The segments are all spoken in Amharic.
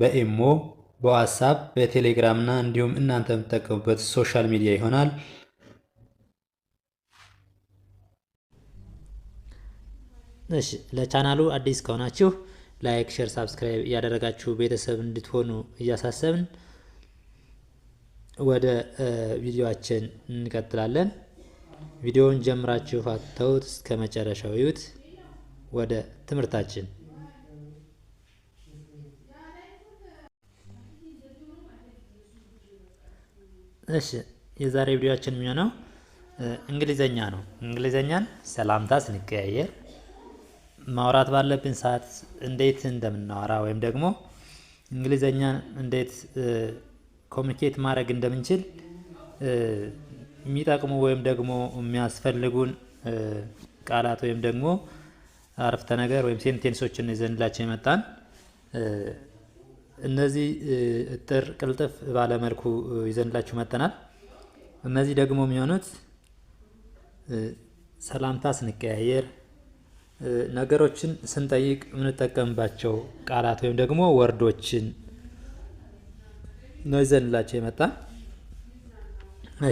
በኤሞ በዋትሳፕ በቴሌግራም እና እንዲሁም እናንተ የምትጠቀሙበት ሶሻል ሚዲያ ይሆናል። እሺ ለቻናሉ አዲስ ከሆናችሁ ላይክ፣ ሼር፣ ሳብስክራይብ እያደረጋችሁ ቤተሰብ እንድትሆኑ እያሳሰብን ወደ ቪዲዮችን እንቀጥላለን። ቪዲዮውን ጀምራችሁ አትተውት፣ እስከ መጨረሻው ይዩት። ወደ ትምህርታችን እሺ የዛሬ ቪዲዮአችን የሚሆነው እንግሊዘኛ ነው። እንግሊዘኛን ሰላምታ ስንቀያየር ማውራት ባለብን ሰዓት እንዴት እንደምናወራ ወይም ደግሞ እንግሊዘኛን እንዴት ኮሚኒኬት ማድረግ እንደምንችል የሚጠቅሙ ወይም ደግሞ የሚያስፈልጉን ቃላት ወይም ደግሞ አረፍተ ነገር ወይም ሴንቴንሶችን ይዘንላቸው የመጣን እነዚህ እጥር ቅልጥፍ ባለመልኩ ይዘንላችሁ መጥተናል። እነዚህ ደግሞ የሚሆኑት ሰላምታ ስንቀያየር፣ ነገሮችን ስንጠይቅ የምንጠቀምባቸው ቃላት ወይም ደግሞ ወርዶችን ነው ይዘንላቸው የመጣ።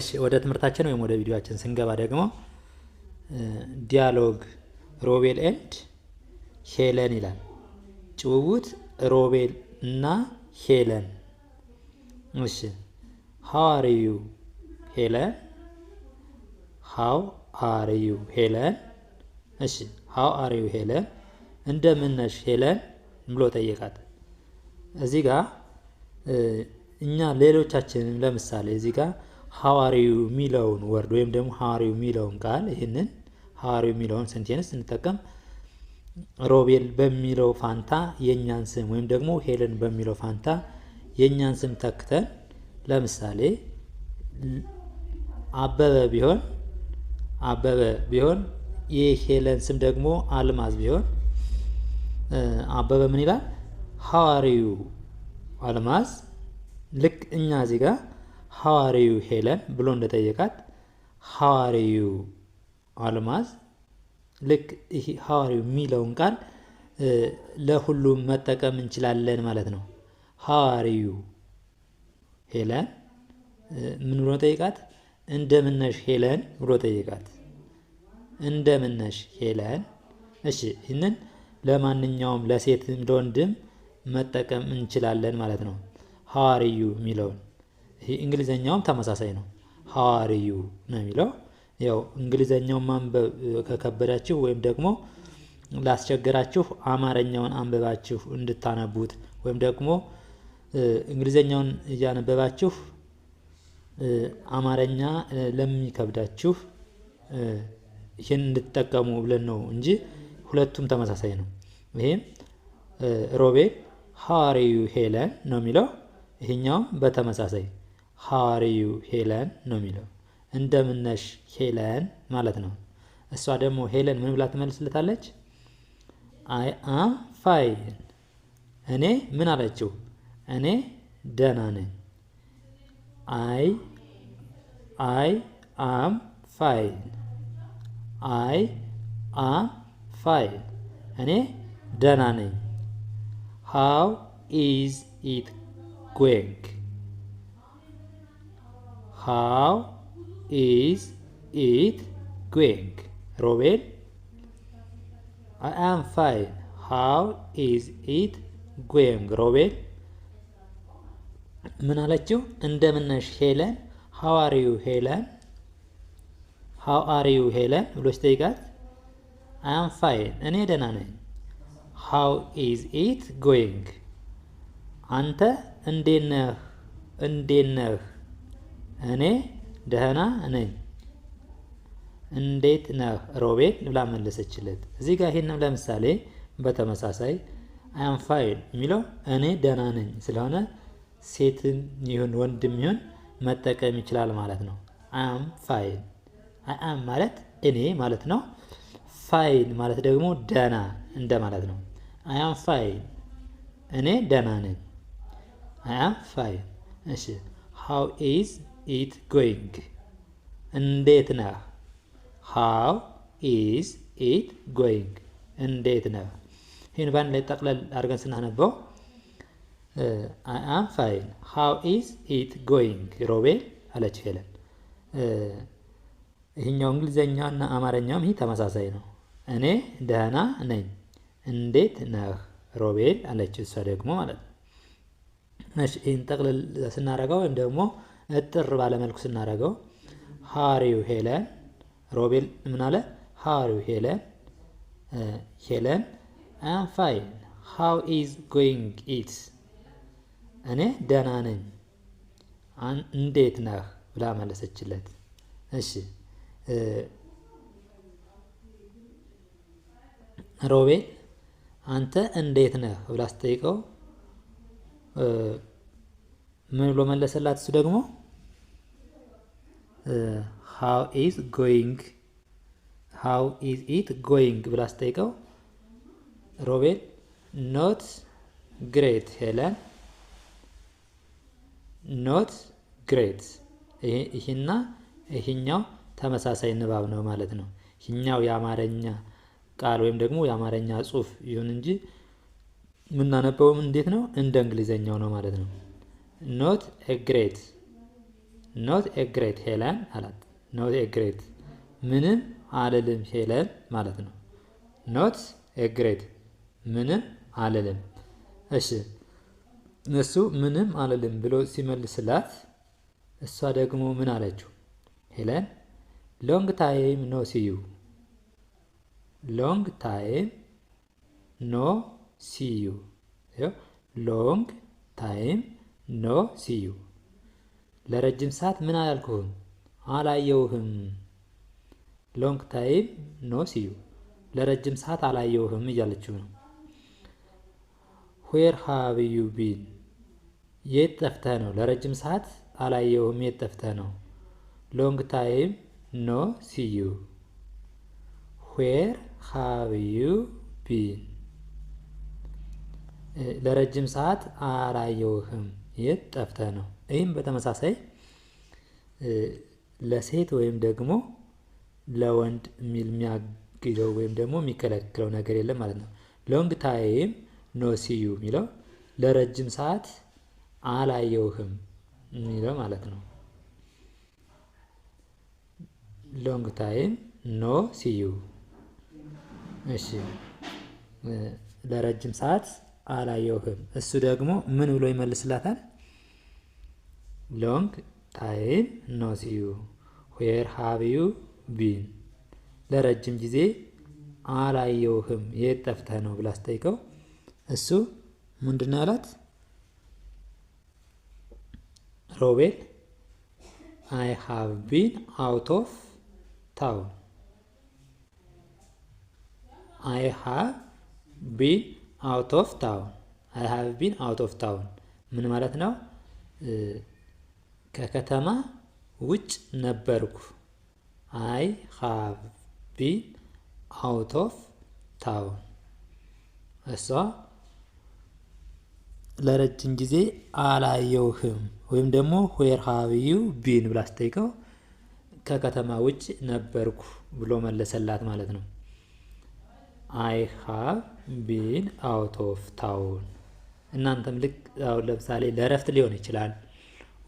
እሺ ወደ ትምህርታችን ወይም ወደ ቪዲዮችን ስንገባ ደግሞ ዲያሎግ ሮቤል ኤንድ ሄለን ይላል። ጭውውት ሮቤል እና ሄለን እሺ ሃው አር ዩ ሄለን ሃው አር ዩ ሄለን እሺ ሃው አር ዩ ሄለን እንደምን ነሽ ሄለን ብሎ ጠየቃት። እዚህ ጋ እኛ ሌሎቻችንም ለምሳሌ እዚህ ጋ ሐዋሪው የሚለውን ወርድ ወይም ደግሞ ሐዋሪው የሚለውን ቃል ይህንን ሐዋሪው የሚለውን ሴንቴንስ ስንጠቀም ሮቤል በሚለው ፋንታ የእኛን ስም ወይም ደግሞ ሄለን በሚለው ፋንታ የእኛን ስም ተክተን ለምሳሌ አበበ ቢሆን አበበ ቢሆን የሄለን ስም ደግሞ አልማዝ ቢሆን አበበ ምን ይላል? ሐዋርዩ አልማዝ ልክ እኛ እዚህ ጋር ሐዋርዩ ሄለን ብሎ እንደጠየቃት ሀዋሪዩ አልማዝ ልክ ይሄ ሐዋርያው የሚለውን ቃል ለሁሉም መጠቀም እንችላለን ማለት ነው። ሀዋሪዩ ሄለን ምን ብሎ ጠይቃት? እንደምነሽ ሄለን ብሎ ጠይቃት። እንደምነሽ ሄለን። እሺ ይህንን ለማንኛውም ለሴትም ለወንድም መጠቀም እንችላለን ማለት ነው። ሐዋርዩ የሚለውን ይህ እንግሊዘኛውም ተመሳሳይ ነው። ሐዋርዩ ነው የሚለው ያው እንግሊዘኛውን ማንበብ ከከበዳችሁ ወይም ደግሞ ላስቸገራችሁ አማርኛውን አንበባችሁ እንድታነቡት ወይም ደግሞ እንግሊዘኛውን እያነበባችሁ አማርኛ ለሚከብዳችሁ ይህን እንድትጠቀሙ ብለን ነው እንጂ ሁለቱም ተመሳሳይ ነው። ይህም ሮቤ ሃዋሪዩ ሄለን ነው የሚለው ይህኛውም በተመሳሳይ ሃዋሪዩ ሄለን ነው የሚለው እንደምነሽ ሄለን ማለት ነው። እሷ ደግሞ ሄለን ምን ብላ ትመልስለታለች? አይ አም ፋይን እኔ ምን አለችው? እኔ ደህና ነኝ። አይ አይ አም ፋይን አይ አም ፋይን እኔ ደህና ነኝ። ሃው ኢዝ ኢት ጎይንግ ሃው is it going? Robert, I am fine. How is it going? ሮቤል ምን አለችው? እንደምነሽ ሄለን ሃው አር ዩ ሄለን ሃው አር ዩ ሄለን ብሎ ሲጠይቃት አይ አም ፋይን እኔ ደህና ነኝ። ሃው ኢዝ ኢት ጎይንግ አንተ እንዴት ነህ? እንዴት ነህ? እኔ ደህና ነኝ እንዴት ነህ ሮቤት ብላ መለሰችለት። እዚህ ጋር ይህንም ለምሳሌ በተመሳሳይ አም ፋይን የሚለው እኔ ደህና ነኝ ስለሆነ ሴትም ይሁን ወንድም ይሁን መጠቀም ይችላል ማለት ነው። አም ፋይን አም ማለት እኔ ማለት ነው። ፋይን ማለት ደግሞ ደህና እንደ ማለት ነው። አም ፋይን እኔ ደህና ነኝ። አም ፋይን። እሺ ሃው ኢዝ ኢት going? እንዴት ነህ? ሃው ኢዝ ኢት ጎይንግ? እንዴት ነህ? ይህን በአንድ ላይ ጠቅለል አድርገን ስናነበው አይ አም ፋይን ሃው ኢዝ ኢት ጎይንግ ሮቤል አለች ሄለን። ይህኛው እንግሊዘኛው እና አማርኛውም ይህ ተመሳሳይ ነው። እኔ ደህና ነኝ። እንዴት ነህ ሮቤል አለች እሷ ደግሞ ማለት ነው። እሺ ይህን ጠቅልል ስናደርገው ወይም ደግሞ እጥር ባለመልኩ ስናደርገው ሃሪው ሄለን ሮቤል ምን አለ? ሃሪው ሄለን ሄለን አም ፋይን ሃው ኢዝ ጎይንግ ኢት እኔ ደህና ነኝ እንዴት ነህ ብላ መለሰችለት። እሺ ሮቤል አንተ እንዴት ነህ ብላ ስጠይቀው ምን ብሎ መለሰላት? እሱ ደግሞ ሃው ኢዝ ጎይንግ ሃው ኢዝ ኢት ጎይንግ ብላ ስጠይቀው ሮቤል ኖት ግሬት ሄለን ኖት ግሬት ይህና ይህኛው ተመሳሳይ ንባብ ነው ማለት ነው። ይህኛው የአማርኛ ቃል ወይም ደግሞ የአማርኛ ጽሑፍ ይሁን እንጂ የምናነበውም እንዴት ነው እንደ እንግሊዘኛው ነው ማለት ነው። ኖት ኤግሬት ኖት ኤግሬት ሄለን አላት። ኖት ኤግሬት ምንም አልልም ሄለን ማለት ነው። ኖት ኤግሬት ምንም አልልም። እሺ እሱ ምንም አልልም ብሎ ሲመልስላት እሷ ደግሞ ምን አለችው? ሄለን ሎንግ ታይም ኖ ሲዩ ሎንግ ታይም ኖ ሲዩ ሎንግ ታይም ኖ ሲዩ ለረጅም ሰዓት ምን አላልኩህም አላየውህም። ሎንግ ታይም ኖ ሲዩ ለረጅም ሰዓት አላየውህም እያለችው ነው። ዌር ሃቭ ዩ ቢን የት ጠፍተህ ነው? ለረጅም ሰዓት አላየውህም። የት ጠፍተህ ነው? ሎንግ ታይም ኖ ሲዩ ዌር ሃቭ ዩ ቢን ለረጅም ሰዓት አላየውህም። የት ጠፍተ ነው። ይህም በተመሳሳይ ለሴት ወይም ደግሞ ለወንድ የሚል የሚያግደው ወይም ደግሞ የሚከለክለው ነገር የለም ማለት ነው። ሎንግ ታይም ኖ ሲዩ የሚለው ለረጅም ሰዓት አላየውህም የሚለው ማለት ነው። ሎንግ ታይም ኖ ሲዩ። እሺ ለረጅም ሰዓት አላየውህም። እሱ ደግሞ ምን ብሎ ይመልስላታል? ሎንግ ታይም ኖት ዩ ዌር ሃቭ ዩ ቢን፣ ለረጅም ጊዜ አላየውህም የት ጠፍተህ ነው ብላ ስጠይቀው እሱ ምንድን ነው ያላት? ሮቤል አይ ሃቭ ቢን አውት ኦፍ ታውን አይ ሃቭ ቢን አውት ኦፍ ታውን አይ ሃቭ ቢን አውት ኦፍ ታውን ምን ማለት ነው? ከከተማ ውጭ ነበርኩ። አይ ሃቭ ቢን አውት ኦፍ ታውን። እሷ ለረጅም ጊዜ አላየውህም ወይም ደግሞ ዌር ሃቭ ዩ ቢን ብላ ስጠይቀው ከከተማ ውጭ ነበርኩ ብሎ መለሰላት ማለት ነው። አይ ሃቭ ቢን አውት ኦፍ ታውን። እናንተም ልክ አሁን ለምሳሌ ለእረፍት ሊሆን ይችላል፣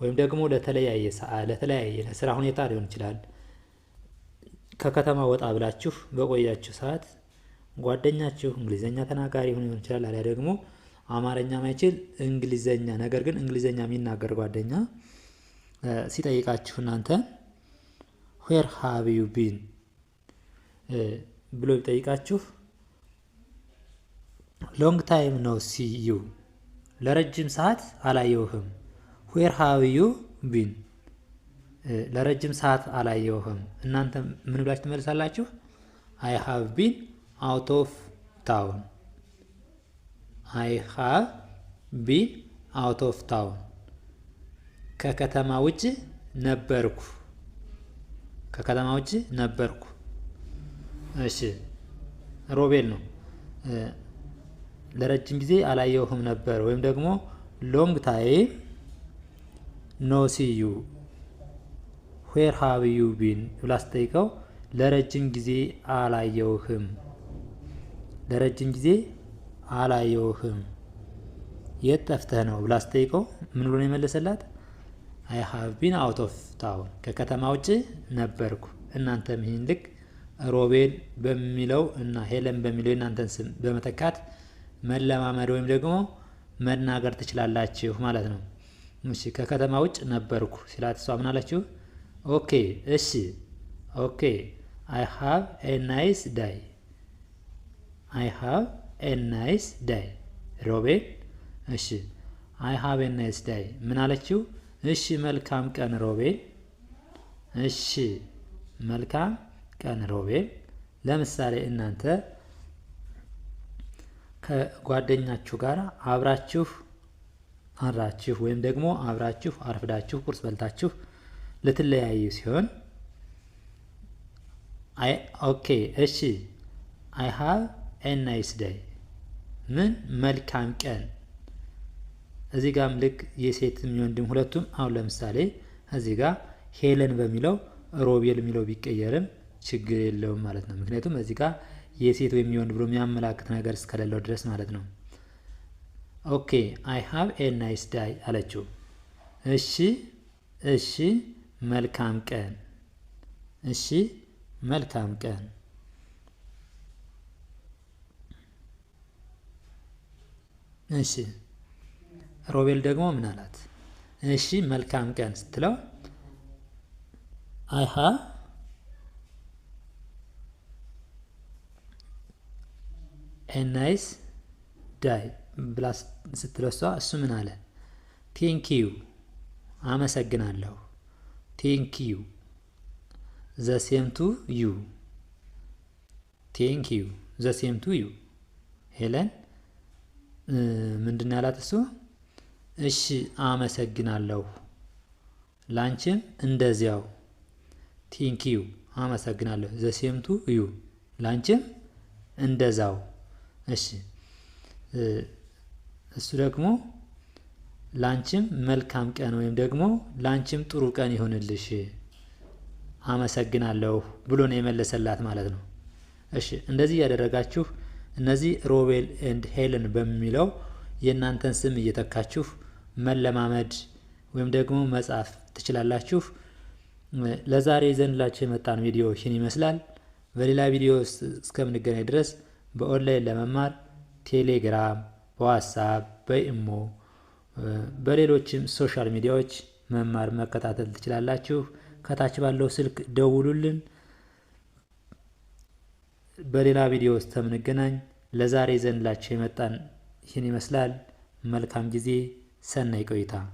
ወይም ደግሞ ለተለያየ ሰዓት ለተለያየ ለስራ ሁኔታ ሊሆን ይችላል። ከከተማ ወጣ ብላችሁ በቆያችሁ ሰዓት ጓደኛችሁ እንግሊዘኛ ተናጋሪ ሆኖ ሊሆን ይችላል፣ አሊያ ደግሞ አማርኛ ማይችል እንግሊዘኛ ነገር ግን እንግሊዘኛ የሚናገር ጓደኛ ሲጠይቃችሁ እናንተ ዌር ሃቭ ዩ ቢን ብሎ ቢጠይቃችሁ ሎንግ ታይም ነው ሲዩ ለረጅም ሰዓት አላየውህም። ዌር ሃቭ ዩ ቢን ለረጅም ሰዓት አላየውህም። እናንተ ምን ብላችሁ ትመልሳላችሁ? አይ ሃቭ ቢን አውት ኦፍ ታውን። አይ ሃቭ ቢን አውት ኦፍ ታውን ከከተማ ውጭ ነበርኩ። ከከተማ ውጭ ነበርኩ። እሺ ሮቤል ነው ለረጅም ጊዜ አላየሁም ነበር ወይም ደግሞ ሎንግ ታይም ኖ ሲዩ ዌር ሃቭ ዩ ቢን ብላ ስጠይቀው ለረጅም ጊዜ አላየውህም ለረጅም ጊዜ አላየውህም የት ጠፍተህ ነው ብላ ስጠይቀው ምን ብሎ ነው የመለሰላት? አይ ሃቭ ቢን አውት ኦፍ ታውን ከከተማ ውጭ ነበርኩ። እናንተም ይህን ልክ ሮቤል በሚለው እና ሄለን በሚለው የእናንተን ስም በመተካት መለማመድ ወይም ደግሞ መናገር ትችላላችሁ ማለት ነው። እሺ ከከተማ ውጭ ነበርኩ ሲላት እሷ ምን አላችሁ? ኦኬ እሺ፣ ኦኬ አይ ሃቭ ኤ ናይስ ዳይ፣ አይ ሃቭ ኤ ናይስ ዳይ ሮቤን። እሺ አይ ሃቭ ኤ ናይስ ዳይ ምን አለችው? እሺ መልካም ቀን ሮቤን፣ እሺ መልካም ቀን ሮቤን። ለምሳሌ እናንተ ከጓደኛችሁ ጋር አብራችሁ አራችሁ ወይም ደግሞ አብራችሁ አርፍዳችሁ ቁርስ በልታችሁ ልትለያዩ ሲሆን አይ ኦኬ እሺ አይ ሃቭ ኤ ናይስ ዴይ ምን መልካም ቀን። እዚህ ጋርም ልክ የሴትም የወንድም ሁለቱም። አሁን ለምሳሌ እዚህ ጋር ሄለን በሚለው ሮቤል የሚለው ቢቀየርም ችግር የለውም ማለት ነው። ምክንያቱም እዚህ ጋር የሴት ወይም የወንድ ብሎ የሚያመላክት ነገር እስከሌለው ድረስ ማለት ነው። ኦኬ አይ ሃቭ ኤ ናይስ ዳይ አለችው። እሺ እሺ መልካም ቀን፣ እሺ መልካም ቀን። እሺ ሮቤል ደግሞ ምን አላት? እሺ መልካም ቀን ስትለው አይሃ ኤናይስ ዳይ ብላ ስትለሷ እሱ ምን አለ? ዩ አመሰግናለሁ። ቴንኪዩ ዘሴምቱ ዩ ቴንኪዩ ዘሴምቱ ዩ ሄለን ምንድን ያላት እሱ እሺ አመሰግናለሁ ላንችም እንደዚያው ዩ አመሰግናለሁ ዘሴምቱ ዩ ላንችም እንደዛው እሺ እሱ ደግሞ ላንቺም መልካም ቀን ወይም ደግሞ ላንቺም ጥሩ ቀን ይሆንልሽ አመሰግናለሁ ብሎ ነው የመለሰላት ማለት ነው። እሺ እንደዚህ እያደረጋችሁ እነዚህ ሮቤል ኤንድ ሄለን በሚለው የእናንተን ስም እየተካችሁ መለማመድ ወይም ደግሞ መጻፍ ትችላላችሁ። ለዛሬ ዘንድላችሁ የመጣን ቪዲዮ ይህን ይመስላል። በሌላ ቪዲዮ እስከምንገናኝ ድረስ በኦንላይን ለመማር ቴሌግራም፣ በዋትሳፕ፣ በኢሞ በሌሎችም ሶሻል ሚዲያዎች መማር መከታተል ትችላላችሁ። ከታች ባለው ስልክ ደውሉልን። በሌላ ቪዲዮ ውስጥ ተምንገናኝ። ለዛሬ ዘንላችሁ የመጣን ይህን ይመስላል። መልካም ጊዜ፣ ሰናይ ቆይታ